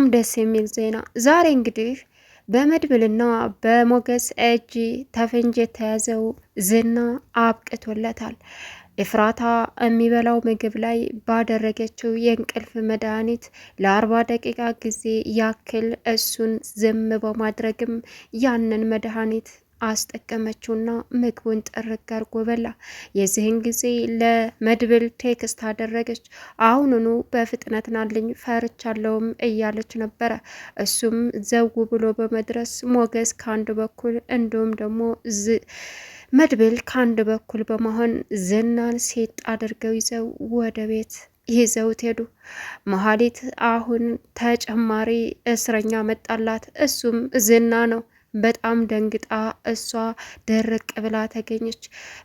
በጣም ደስ የሚል ዜና ዛሬ እንግዲህ በመድብልና በሞገስ እጅ ተፈንጅ የተያዘው ዝና አብቅቶለታል። ኤፍራታ የሚበላው ምግብ ላይ ባደረገችው የእንቅልፍ መድኃኒት ለአርባ ደቂቃ ጊዜ ያክል እሱን ዝም በማድረግም ያንን መድኃኒት አስጠቀመችውና ምግቡን ጥርግ አርጎ በላ። የዚህን ጊዜ ለመድብል ቴክስት አደረገች። አሁኑኑ በፍጥነት ናልኝ ፈርቻለውም እያለች ነበረ። እሱም ዘው ብሎ በመድረስ ሞገስ ከአንድ በኩል እንዲሁም ደግሞ መድብል ከአንድ በኩል በመሆን ዝናን ሴት አድርገው ይዘው ወደ ቤት ይዘውት ሄዱ። መሀሊት አሁን ተጨማሪ እስረኛ መጣላት። እሱም ዝና ነው። በጣም ደንግጣ እሷ ደረቅ ብላ ተገኘች።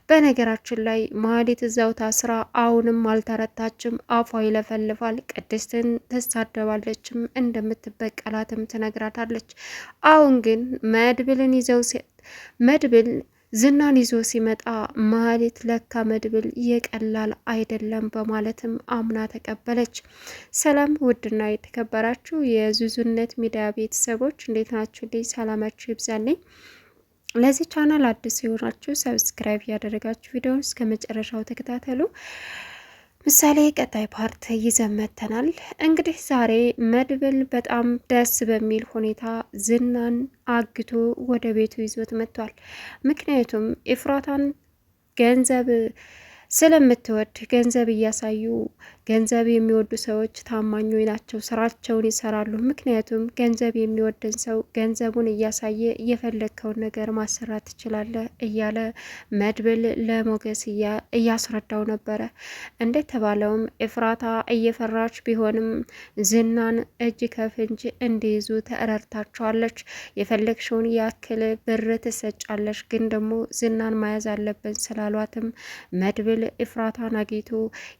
በነገራችን ላይ ማህሌት እዛው ታስራ አሁንም አልተረታችም። አፏ ይለፈልፋል። ቅድስትን ትሳደባለችም፣ እንደምትበቀላትም ትነግራታለች። አሁን ግን መድብልን ይዘው መድብል ዝናን ይዞ ሲመጣ ማህሌት ለካ መድብል የቀላል አይደለም በማለትም አምና ተቀበለች። ሰላም ውድና የተከበራችሁ የዙዙነት ሚዲያ ቤተሰቦች እንዴት ናችሁ? ልኝ ሰላማችሁ ይብዛልኝ። ለዚህ ቻናል አዲስ የሆናችሁ ሰብስክራይብ ያደረጋችሁ ቪዲዮን እስከ መጨረሻው ተከታተሉ። ምሳሌ ቀጣይ ፓርት ይዘመተናል። እንግዲህ ዛሬ መድብል በጣም ደስ በሚል ሁኔታ ዝናን አግቶ ወደ ቤቱ ይዞት መጥቷል። ምክንያቱም ኤፍራታን ገንዘብ ስለምትወድ ገንዘብ እያሳዩ ገንዘብ የሚወዱ ሰዎች ታማኞች ናቸው፣ ስራቸውን ይሰራሉ። ምክንያቱም ገንዘብ የሚወደን ሰው ገንዘቡን እያሳየ እየፈለግከውን ነገር ማሰራት ትችላለህ እያለ መድብል ለሞገስ እያስረዳው ነበረ። እንደተባለውም እፍራታ እየፈራች ቢሆንም ዝናን እጅ ከፍንጅ እንዲይዙ ተረድታቸዋለች። የፈለግሽውን ያክል ብር ትሰጫለች፣ ግን ደግሞ ዝናን መያዝ አለብን ስላሏትም መድብል እፍራታን አግኝቶ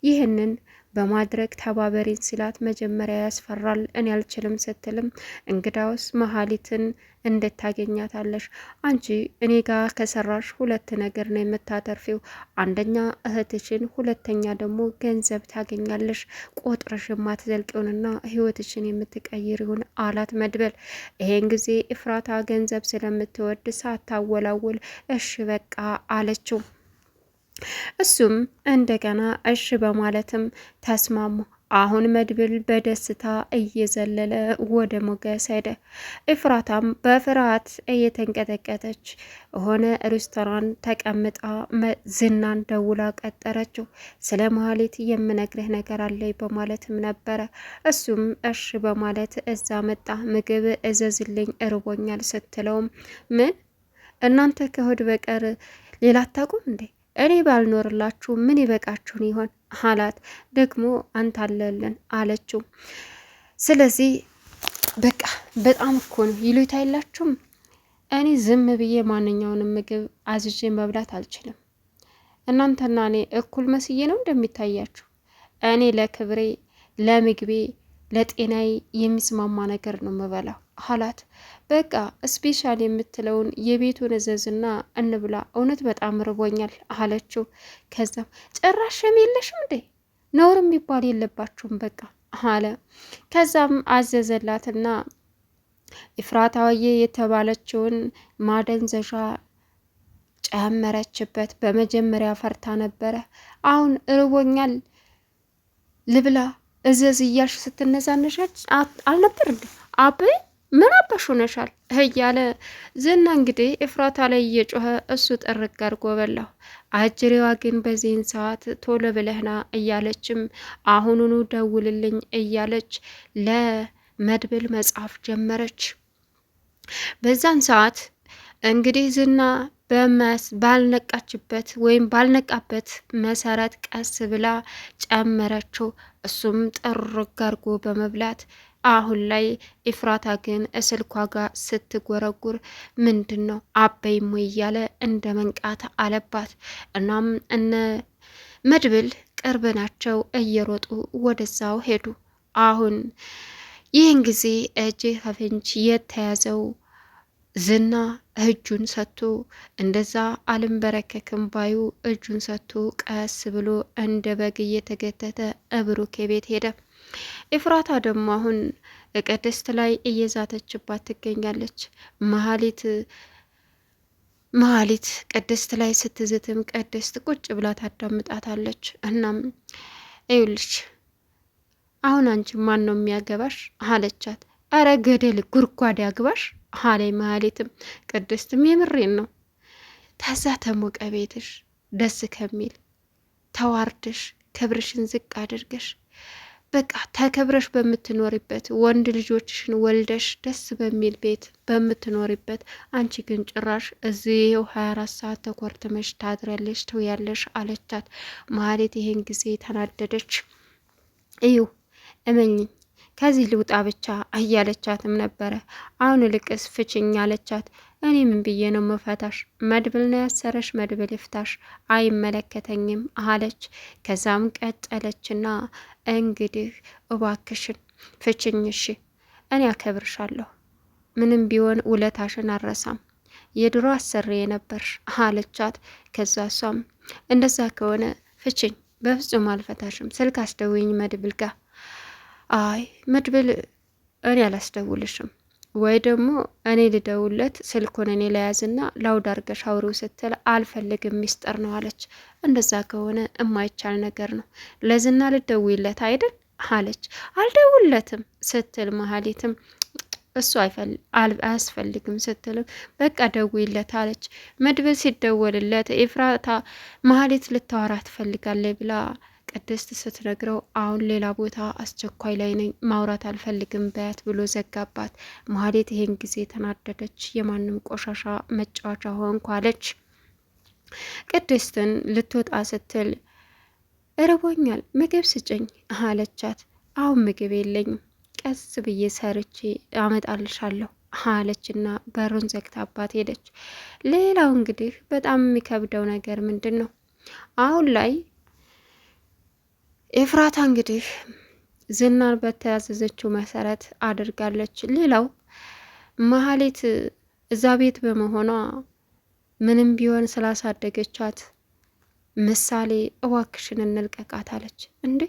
ይህንን በማድረግ ተባበሪን ሲላት መጀመሪያ ያስፈራል፣ እኔ አልችልም ስትልም እንግዳውስ መሀሊትን እንዴት ታገኛታለሽ? አንቺ እኔ ጋር ከሰራሽ ሁለት ነገር ነው የምታተርፊው። አንደኛ እህትሽን፣ ሁለተኛ ደግሞ ገንዘብ ታገኛለሽ። ቆጥረሽ የማትዘልቂውንና ህይወትሽን የምትቀይሪውን አላት መድበል ይሄን ጊዜ እፍራታ ገንዘብ ስለምትወድ ሳታወላውል እሺ በቃ አለችው። እሱም እንደገና እሺ በማለትም ተስማሙ። አሁን መድብል በደስታ እየዘለለ ወደ ሞገስ ሄደ። እፍራታም በፍርሃት እየተንቀጠቀጠች ሆነ ሬስቶራንት ተቀምጣ ዝናን ደውላ ቀጠረችው። ስለ መሀሌት የምነግርህ ነገር አለኝ በማለትም ነበረ። እሱም እሺ በማለት እዛ መጣ። ምግብ እዘዝልኝ እርቦኛል ስትለውም ምን እናንተ ከሆድ በቀር ሌላ አታውቁም እንዴ እኔ ባልኖርላችሁ ምን ይበቃችሁን ይሆን አላት። ደግሞ አንታለልን አለችው። ስለዚህ በቃ በጣም እኮ ነው ይሉት አይላችሁም። እኔ ዝም ብዬ ማንኛውንም ምግብ አዝዤ መብላት አልችልም። እናንተና እኔ እኩል መስዬ ነው እንደሚታያችሁ። እኔ ለክብሬ ለምግቤ ለጤናዬ የሚስማማ ነገር ነው የምበላው አላት። በቃ ስፔሻል የምትለውን የቤቱን እዘዝና እንብላ፣ እውነት በጣም ርቦኛል አለችው። ከዛም ጭራሽም የለሽም እንዴ ነውር የሚባል የለባችሁም በቃ አለ። ከዛም አዘዘላትና ኢፍራታዬ የተባለችውን ማደንዘዣ ጨመረችበት። በመጀመሪያ ፈርታ ነበረ። አሁን እርቦኛል ልብላ እዘዝ እያልሽ ስትነዛነሻች አልነበር እንዴ? አበይ ምን አባሽ ሆነሻል? እያለ ዝና እንግዲህ እፍራታ ላይ እየጮኸ እሱ ጠርግ አድርጎ በላሁ። አጅሬዋ ግን በዚህን ሰዓት ቶሎ ብለህና እያለችም አሁኑኑ ደውልልኝ እያለች ለመድብል መጽሐፍ ጀመረች። በዛን ሰዓት እንግዲህ ዝና ባልነቃችበት ወይም ባልነቃበት መሰረት ቀስ ብላ ጨመረችው። እሱም ጥርግ አርጎ በመብላት አሁን ላይ ኢፍራታ ግን እስልኳ ጋር ስትጎረጉር ምንድን ነው አበይሞ እያለ እንደ መንቃት አለባት። እናም እነ መድብል ቅርብ ናቸው፣ እየሮጡ ወደዛው ሄዱ። አሁን ይህን ጊዜ እጅ ከፍንጅ የተያዘው ዝና እጁን ሰጥቶ እንደዛ አልንበረከክም ባዩ እጁን ሰጥቶ ቀስ ብሎ እንደ በግ እየተገተተ እብሩኬ ቤት ሄደ። ኢፍራታ ደግሞ አሁን ቅድስት ላይ እየዛተችባት ትገኛለች። መሀሊት መሀሊት ቅድስት ላይ ስትዝትም ቅድስት ቁጭ ብላ ታዳምጣታለች። እናም ይኸውልሽ አሁን አንቺ ማን ነው የሚያገባሽ አለቻት። አረ ገደል ጉርጓድ ያግባሽ አለይ መሀሌትም ቅድስትም የምሬን ነው። ተዛ ተሞቀ ቤትሽ ደስ ከሚል ተዋርደሽ ክብርሽን ዝቅ አድርገሽ በቃ ተከብረሽ በምትኖሪበት ወንድ ልጆችሽን ወልደሽ ደስ በሚል ቤት በምትኖሪበት፣ አንቺ ግን ጭራሽ እዚው 24 ሰዓት ተኮርትመሽ ታድሪያለሽ፣ ትውያለሽ አለቻት። መሀሌት ይህን ጊዜ ተናደደች። እዩ እመኝኝ ከዚህ ልውጣ ብቻ እያለቻትም ነበረ። አሁን ልቅስ ፍችኝ አለቻት። እኔ ምን ብዬ ነው መፈታሽ? መድብል ነው ያሰረሽ፣ መድብል ይፍታሽ፣ አይመለከተኝም አለች። ከዛም ቀጠለችና እንግዲህ እባክሽን ፍችኝ እሺ፣ እኔ አከብርሻለሁ፣ ምንም ቢሆን ውለታሽን አረሳም፣ የድሮ አሰሪ የነበርሽ አለቻት። ከዛ እሷም እንደዛ ከሆነ ፍችኝ፣ በፍጹም አልፈታሽም፣ ስልክ አስደውኝ መድብል ጋር አይ መድብል እኔ አላስደውልሽም ወይ ደግሞ እኔ ልደውለት ስልኩን እኔ ለያዝና ላውድ አርገሽ አውሪው ስትል አልፈልግም ሚስጥር ነው አለች። እንደዛ ከሆነ እማይቻል ነገር ነው ለዝና ልደውለት አይደል አለች። አልደውለትም ስትል መሀሊትም እሱ አያስፈልግም ስትልም በቃ ደውይለት አለች። መድብል ሲደወልለት ኤፍራታ መሀሊት ልታወራ ትፈልጋለች ብላ ቅድስት ስትነግረው አሁን ሌላ ቦታ አስቸኳይ ላይ ነኝ ማውራት አልፈልግም በያት ብሎ ዘጋባት። መሀሌት ይሄን ጊዜ ተናደደች። የማንም ቆሻሻ መጫወቻ ሆንኩ አለች። ቅድስትን ልትወጣ ስትል እርቦኛል ምግብ ስጭኝ አለቻት። አሁን ምግብ የለኝም ቀስ ብዬ ሰርቼ አመጣልሻለሁ አለች በሩን ዘግታባት ሄደች። ሌላው እንግዲህ በጣም የሚከብደው ነገር ምንድን ነው አሁን ላይ ኤፍራታ እንግዲህ ዝናን በተያዘዘችው መሰረት አድርጋለች። ሌላው መሀሌት እዛ ቤት በመሆኗ ምንም ቢሆን ስላሳደገቻት ምሳሌ እዋክሽን እንልቀቃት አለች። እንዴ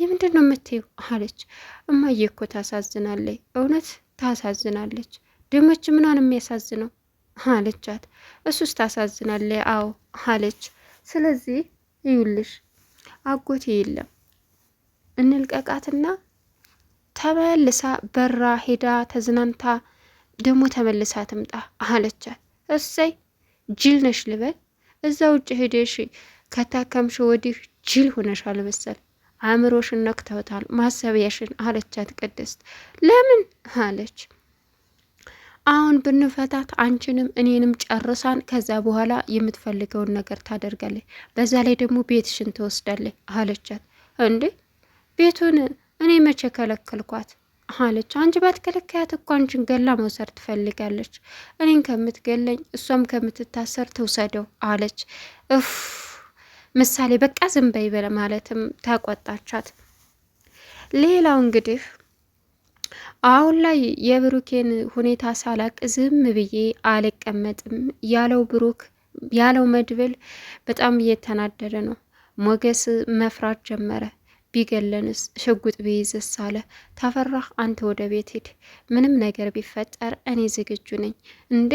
የምንድን ነው የምትይው? አለች እማዬ እኮ ታሳዝናለች፣ እውነት ታሳዝናለች። ድመች ምናን የሚያሳዝነው አለቻት። እሱስ ታሳዝናለች፣ አዎ አለች። ስለዚህ ይዩልሽ አጎቴ የለም እንልቀቃትና ተመልሳ በራ ሄዳ ተዝናንታ ደግሞ ተመልሳ ትምጣ አለቻት። እሰይ ጅል ነሽ ልበል? እዛ ውጭ ሄደሽ ከታከምሽ ወዲህ ጅል ሆነሽ አልበሰል አእምሮሽን ነክተውታል ማሰቢያሽን አለቻት ቅድስት። ለምን አለች አሁን ብንፈታት አንቺንም እኔንም ጨርሳን ከዛ በኋላ የምትፈልገውን ነገር ታደርጋለች። በዛ ላይ ደግሞ ቤትሽን ትወስዳለች አለቻት። እንዴ ቤቱን እኔ መቼ ከለከልኳት አለች። አንቺ ባትከለከያት እኮ አንቺን ገላ መውሰድ ትፈልጋለች። እኔን ከምትገለኝ እሷም ከምትታሰር ትውሰደው አለች። እፍ ምሳሌ በቃ ዝም በይ በለ ማለትም ተቆጣቻት። ሌላው እንግዲህ አሁን ላይ የብሩኬን ሁኔታ ሳላቅ ዝም ብዬ አልቀመጥም ያለው ብሩክ ያለው መድብል በጣም እየተናደደ ነው። ሞገስ መፍራት ጀመረ። ቢገለንስ ሽጉጥ ቢይዝስ አለ። ተፈራህ አንተ ወደ ቤት ሂድ፣ ምንም ነገር ቢፈጠር እኔ ዝግጁ ነኝ። እንዴ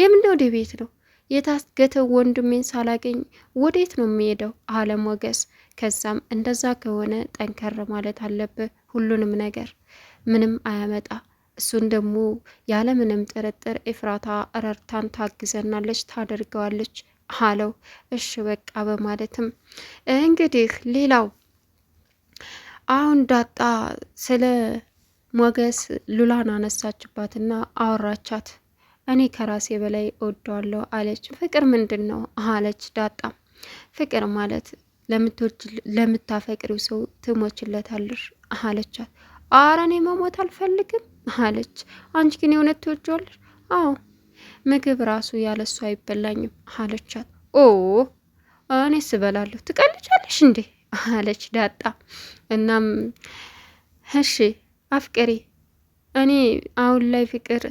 የምን ወደ ቤት ነው የታገተው? ወንድሜን ሳላገኝ ወዴት ነው የሚሄደው? አለ ሞገስ። ከዛም እንደዛ ከሆነ ጠንከር ማለት አለብህ ሁሉንም ነገር ምንም አያመጣ። እሱን ደግሞ ያለምንም ጥርጥር ኤፍራታ ረርታን ታግዘናለች፣ ታደርገዋለች አለው። እሽ በቃ በማለትም እንግዲህ ሌላው አሁን ዳጣ ስለ ሞገስ ሉላን አነሳችባትና አወራቻት። እኔ ከራሴ በላይ እወደዋለሁ አለች። ፍቅር ምንድን ነው አለች ዳጣ። ፍቅር ማለት ለምታፈቅሪው ሰው ትሞችለታለሽ አለቻት። አረ እኔ መሞት አልፈልግም አለች። አንቺ ግን የእውነት ትወጃለሽ? አዎ ምግብ ራሱ ያለሱ አይበላኝም አለቻት። ኦ እኔ ስበላለሁ ትቀልጃለሽ እንዴ አለች ዳጣ። እናም እሺ አፍቅሪ፣ እኔ አሁን ላይ ፍቅር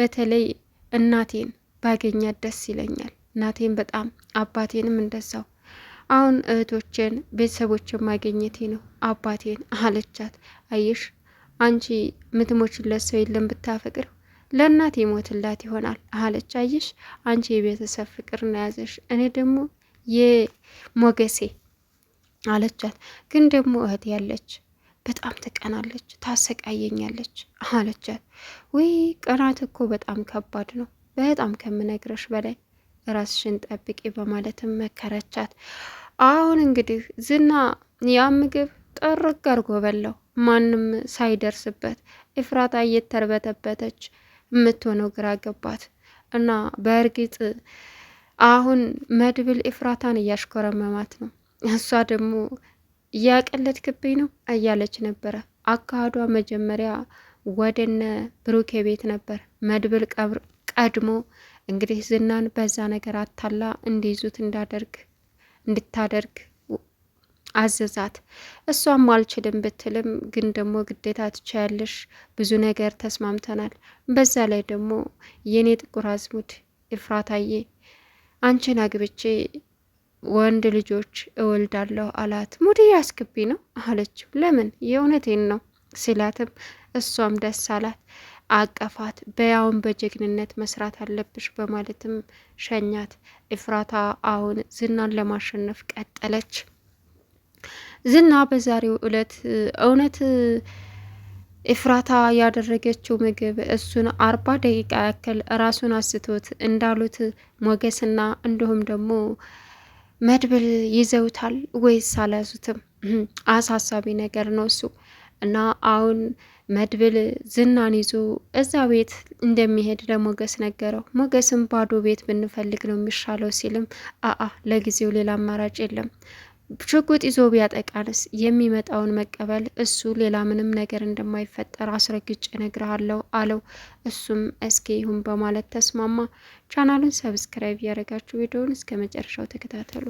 በተለይ እናቴን ባገኛት ደስ ይለኛል። እናቴን በጣም አባቴንም እንደዛው። አሁን እህቶቼን ቤተሰቦችን ማገኘቴ ነው አባቴን አለቻት። አየሽ አንቺ ምትሞችለት ሰው የለም ብታፈቅር ለእናት የሞትላት ይሆናል አለች። አየሽ አንቺ የቤተሰብ ፍቅር ነው ያዘሽ፣ እኔ ደግሞ የሞገሴ አለቻት። ግን ደግሞ እህት ያለች በጣም ትቀናለች፣ ታሰቃየኛለች አለቻት። ወይ ቀናት እኮ በጣም ከባድ ነው፣ በጣም ከምነግረሽ በላይ ራስሽን ጠብቂ በማለትም መከረቻት። አሁን እንግዲህ ዝና ያ ምግብ ጠርግ አርጎ በላው። ማንም ሳይደርስበት ኤፍራታ እየተርበተበተች የምትሆነው ግራ ገባት እና በእርግጥ አሁን መድብል ኤፍራታን እያሽኮረመማት ነው። እሷ ደግሞ ክብኝ ነው እያለች ነበረ። አካሂዷ መጀመሪያ ወደነ ብሩኬ ቤት ነበር መድብል ቀድሞ እንግዲህ ዝናን በዛ ነገር አታላ እንዲይዙት እንዳደርግ እንድታደርግ አዘዛት። እሷም አልችልም ብትልም ግን ደግሞ ግዴታ ትችያለሽ፣ ብዙ ነገር ተስማምተናል። በዛ ላይ ደግሞ የእኔ ጥቁር አዝሙድ እፍራታዬ አንቺን አግብቼ ወንድ ልጆች እወልዳለሁ አላት። ሙድ ያስክቢ ነው አለችው። ለምን የእውነቴን ነው ሲላትም እሷም ደስ አላት፣ አቀፋት። በያውን በጀግንነት መስራት አለብሽ በማለትም ሸኛት። ኢፍራታ አሁን ዝናን ለማሸነፍ ቀጠለች። ዝና በዛሬው እለት እውነት ኤፍራታ ያደረገችው ምግብ እሱን አርባ ደቂቃ ያክል ራሱን አስቶት እንዳሉት ሞገስና እንዲሁም ደግሞ መድብል ይዘውታል ወይስ አልያዙትም? አሳሳቢ ነገር ነው እሱ እና አሁን መድብል ዝናን ይዞ እዛ ቤት እንደሚሄድ ለሞገስ ነገረው። ሞገስም ባዶ ቤት ብንፈልግ ነው የሚሻለው ሲልም አአ ለጊዜው ሌላ አማራጭ የለም ሽጉጥ ይዞ ቢያጠቃንስ የሚመጣውን መቀበል እሱ ሌላ ምንም ነገር እንደማይፈጠር አስረግጬ እነግርሃለሁ አለው። እሱም እስኪ ይሁን በማለት ተስማማ። ቻናሉን ሰብስክራይብ ያደረጋችሁ ቪዲዮውን እስከ መጨረሻው ተከታተሉ።